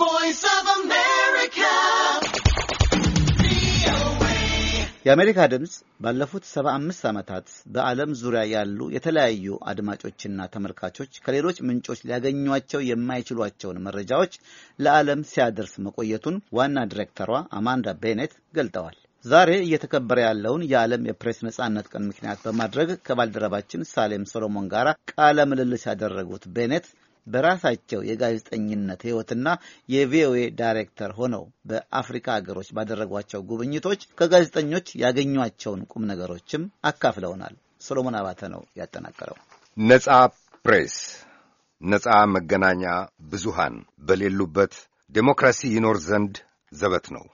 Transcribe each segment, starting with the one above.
voice of የአሜሪካ ድምፅ ባለፉት ሰባ አምስት ዓመታት በዓለም ዙሪያ ያሉ የተለያዩ አድማጮችና ተመልካቾች ከሌሎች ምንጮች ሊያገኟቸው የማይችሏቸውን መረጃዎች ለዓለም ሲያደርስ መቆየቱን ዋና ዲሬክተሯ አማንዳ ቤኔት ገልጠዋል። ዛሬ እየተከበረ ያለውን የዓለም የፕሬስ ነጻነት ቀን ምክንያት በማድረግ ከባልደረባችን ሳሌም ሶሎሞን ጋር ቃለ ምልልስ ያደረጉት ቤኔት በራሳቸው የጋዜጠኝነት ሕይወትና የቪኦኤ ዳይሬክተር ሆነው በአፍሪካ ሀገሮች ባደረጓቸው ጉብኝቶች ከጋዜጠኞች ያገኟቸውን ቁም ነገሮችም አካፍለውናል። ሶሎሞን አባተ ነው ያጠናቀረው። ነጻ ፕሬስ፣ ነጻ መገናኛ ብዙሃን በሌሉበት ዴሞክራሲ ይኖር ዘንድ ዘበት ነው።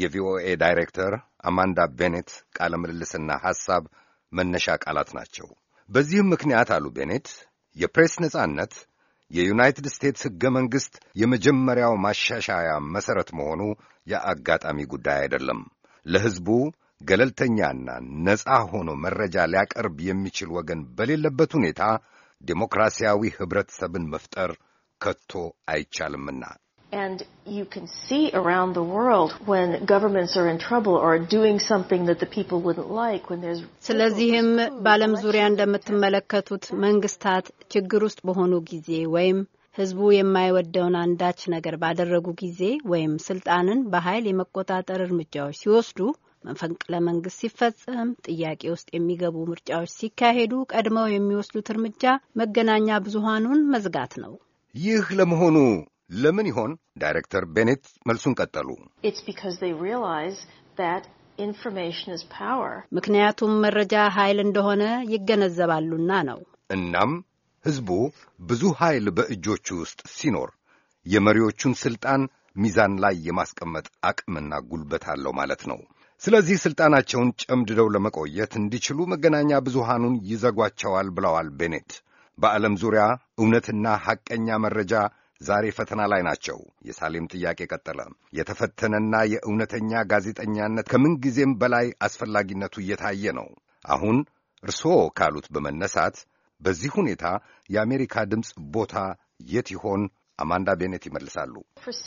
የቪኦኤ ዳይሬክተር አማንዳ ቤኔት ቃለ ምልልስና ሐሳብ መነሻ ቃላት ናቸው። በዚህም ምክንያት አሉ ቤኔት የፕሬስ ነጻነት የዩናይትድ ስቴትስ ሕገ መንግሥት የመጀመሪያው ማሻሻያ መሠረት መሆኑ የአጋጣሚ ጉዳይ አይደለም። ለሕዝቡ ገለልተኛና ነጻ ሆኖ መረጃ ሊያቀርብ የሚችል ወገን በሌለበት ሁኔታ ዴሞክራሲያዊ ኅብረተሰብን መፍጠር ከቶ አይቻልምና And you can see around the world when governments are in trouble or doing something that the people wouldn't like when there's ስለዚህም በዓለም ዙሪያ እንደምትመለከቱት መንግስታት ችግር ውስጥ በሆኑ ጊዜ ወይም ህዝቡ የማይወደውን አንዳች ነገር ባደረጉ ጊዜ ወይም ስልጣንን በኃይል የመቆጣጠር እርምጃዎች ሲወስዱ፣ መፈንቅለ መንግስት ሲፈጸም፣ ጥያቄ ውስጥ የሚገቡ ምርጫዎች ሲካሄዱ ቀድመው የሚወስዱት እርምጃ መገናኛ ብዙሃኑን መዝጋት ነው። ይህ ለመሆኑ ለምን ይሆን? ዳይሬክተር ቤኔት መልሱን ቀጠሉ። ምክንያቱም መረጃ ኃይል እንደሆነ ይገነዘባሉና ነው። እናም ሕዝቡ ብዙ ኃይል በእጆቹ ውስጥ ሲኖር የመሪዎቹን ሥልጣን ሚዛን ላይ የማስቀመጥ አቅምና ጉልበት አለው ማለት ነው። ስለዚህ ሥልጣናቸውን ጨምድደው ለመቆየት እንዲችሉ መገናኛ ብዙሃኑን ይዘጓቸዋል ብለዋል ቤኔት። በዓለም ዙሪያ እውነትና ሐቀኛ መረጃ ዛሬ ፈተና ላይ ናቸው። የሳሌም ጥያቄ ቀጠለ። የተፈተነና የእውነተኛ ጋዜጠኛነት ከምንጊዜም በላይ አስፈላጊነቱ እየታየ ነው። አሁን እርስዎ ካሉት በመነሳት በዚህ ሁኔታ የአሜሪካ ድምፅ ቦታ የት ይሆን? አማንዳ ቤኔት ይመልሳሉ። ፎር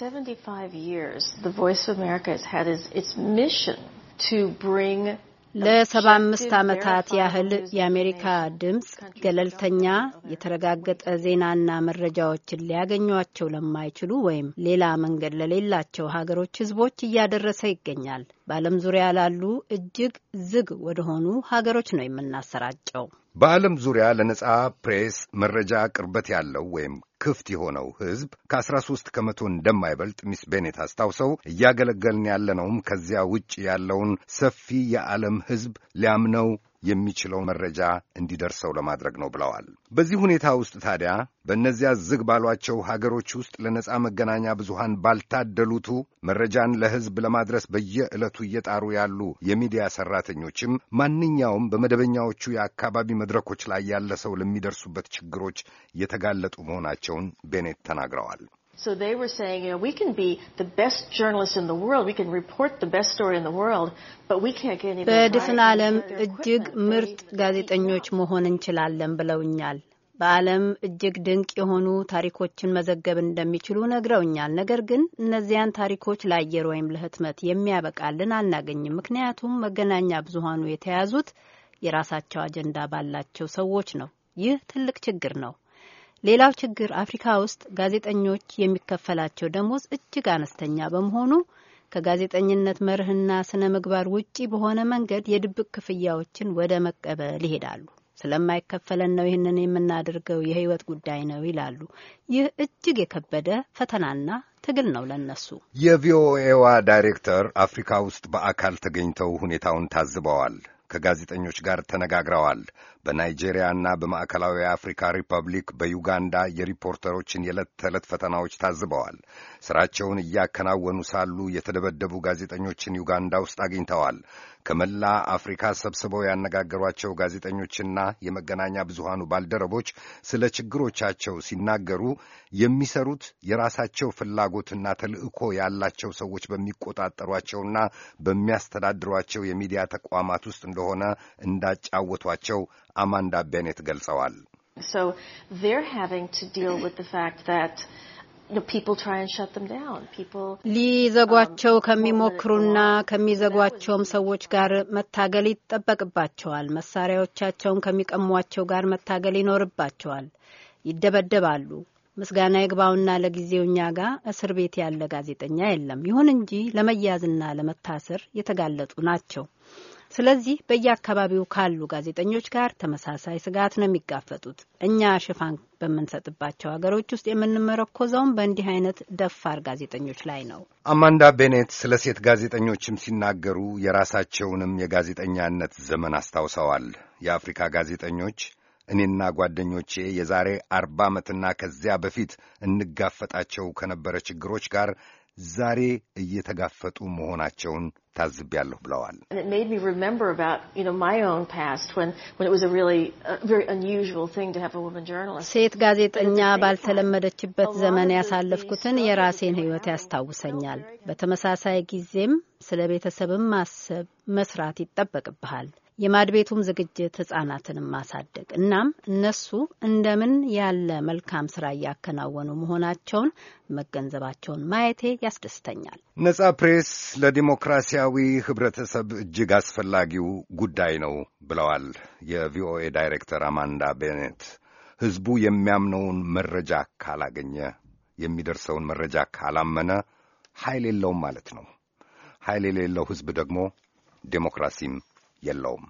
ለሰባ አምስት ዓመታት ያህል የአሜሪካ ድምፅ ገለልተኛ የተረጋገጠ ዜናና መረጃዎችን ሊያገኟቸው ለማይችሉ ወይም ሌላ መንገድ ለሌላቸው ሀገሮች ሕዝቦች እያደረሰ ይገኛል። በዓለም ዙሪያ ላሉ እጅግ ዝግ ወደሆኑ ሀገሮች ነው የምናሰራጨው። በዓለም ዙሪያ ለነጻ ፕሬስ መረጃ ቅርበት ያለው ወይም ክፍት የሆነው ሕዝብ ከ13 ከመቶ እንደማይበልጥ ሚስ ቤኔት አስታውሰው እያገለገልን ያለነውም ከዚያ ውጭ ያለውን ሰፊ የዓለም ሕዝብ ሊያምነው የሚችለው መረጃ እንዲደርሰው ለማድረግ ነው ብለዋል። በዚህ ሁኔታ ውስጥ ታዲያ በእነዚያ ዝግ ባሏቸው ሀገሮች ውስጥ ለነጻ መገናኛ ብዙሃን ባልታደሉቱ መረጃን ለሕዝብ ለማድረስ በየዕለቱ እየጣሩ ያሉ የሚዲያ ሠራተኞችም ማንኛውም በመደበኛዎቹ የአካባቢ መድረኮች ላይ ያለ ሰው ለሚደርሱበት ችግሮች የተጋለጡ መሆናቸውን ቤኔት ተናግረዋል። So they were saying, you know, we can be the best journalists in the world, we can report the best story in the world, but we can't get anybody. በድፍን ዓለም እጅግ ምርጥ ጋዜጠኞች መሆን እንችላለን ብለውኛል። በዓለም እጅግ ድንቅ የሆኑ ታሪኮችን መዘገብ እንደሚችሉ ነግረውኛል። ነገር ግን እነዚያን ታሪኮች ለአየር ወይም ለህትመት የሚያበቃልን አናገኝም። ምክንያቱም መገናኛ ብዙሃኑ የተያዙት የራሳቸው አጀንዳ ባላቸው ሰዎች ነው። ይህ ትልቅ ችግር ነው። ሌላው ችግር አፍሪካ ውስጥ ጋዜጠኞች የሚከፈላቸው ደሞዝ እጅግ አነስተኛ በመሆኑ ከጋዜጠኝነት መርህና ስነ ምግባር ውጪ በሆነ መንገድ የድብቅ ክፍያዎችን ወደ መቀበል ይሄዳሉ። ስለማይከፈለን ነው ይህንን የምናደርገው፣ የህይወት ጉዳይ ነው ይላሉ። ይህ እጅግ የከበደ ፈተናና ትግል ነው ለነሱ። የቪኦኤዋ ዳይሬክተር አፍሪካ ውስጥ በአካል ተገኝተው ሁኔታውን ታዝበዋል። ከጋዜጠኞች ጋር ተነጋግረዋል። በናይጄሪያና በማዕከላዊ አፍሪካ ሪፐብሊክ፣ በዩጋንዳ የሪፖርተሮችን የዕለት ተዕለት ፈተናዎች ታዝበዋል። ስራቸውን እያከናወኑ ሳሉ የተደበደቡ ጋዜጠኞችን ዩጋንዳ ውስጥ አግኝተዋል። ከመላ አፍሪካ ሰብስበው ያነጋገሯቸው ጋዜጠኞችና የመገናኛ ብዙሃኑ ባልደረቦች ስለ ችግሮቻቸው ሲናገሩ የሚሰሩት የራሳቸው ፍላጎትና ተልዕኮ ያላቸው ሰዎች በሚቆጣጠሯቸውና በሚያስተዳድሯቸው የሚዲያ ተቋማት ውስጥ እንደሆነ እንዳጫወቷቸው አማንዳ ቤኔት ገልጸዋል። um, ሊዘጓቸው ከሚሞክሩና ከሚዘጓቸውም ሰዎች ጋር መታገል ይጠበቅባቸዋል። መሳሪያዎቻቸውን ከሚቀሟቸው ጋር መታገል ይኖርባቸዋል። ይደበደባሉ። ምስጋና ይግባውና ለጊዜው እኛ ጋር እስር ቤት ያለ ጋዜጠኛ የለም። ይሁን እንጂ ለመያዝና ለመታሰር የተጋለጡ ናቸው። ስለዚህ በየአካባቢው ካሉ ጋዜጠኞች ጋር ተመሳሳይ ስጋት ነው የሚጋፈጡት። እኛ ሽፋን በምንሰጥባቸው ሀገሮች ውስጥ የምንመረኮዘውም በእንዲህ አይነት ደፋር ጋዜጠኞች ላይ ነው። አማንዳ ቤኔት ስለ ሴት ጋዜጠኞችም ሲናገሩ የራሳቸውንም የጋዜጠኛነት ዘመን አስታውሰዋል። የአፍሪካ ጋዜጠኞች እኔና ጓደኞቼ የዛሬ አርባ ዓመትና ከዚያ በፊት እንጋፈጣቸው ከነበረ ችግሮች ጋር ዛሬ እየተጋፈጡ መሆናቸውን ታዝቤያለሁ ብለዋል። uh, ሴት ጋዜጠኛ ባልተለመደችበት ዘመን ያሳለፍኩትን የራሴን ሕይወት ያስታውሰኛል። በተመሳሳይ ጊዜም ስለ ቤተሰብም ማሰብ መስራት ይጠበቅብሃል። የማድቤቱም ዝግጅት ህጻናትንም ማሳደግ እናም እነሱ እንደምን ያለ መልካም ስራ እያከናወኑ መሆናቸውን መገንዘባቸውን ማየቴ ያስደስተኛል። ነጻ ፕሬስ ለዲሞክራሲያዊ ህብረተሰብ እጅግ አስፈላጊው ጉዳይ ነው ብለዋል የቪኦኤ ዳይሬክተር አማንዳ ቤኔት። ህዝቡ የሚያምነውን መረጃ ካላገኘ፣ የሚደርሰውን መረጃ ካላመነ ኃይል የለውም ማለት ነው። ኃይል የሌለው ህዝብ ደግሞ ዴሞክራሲም የለውም።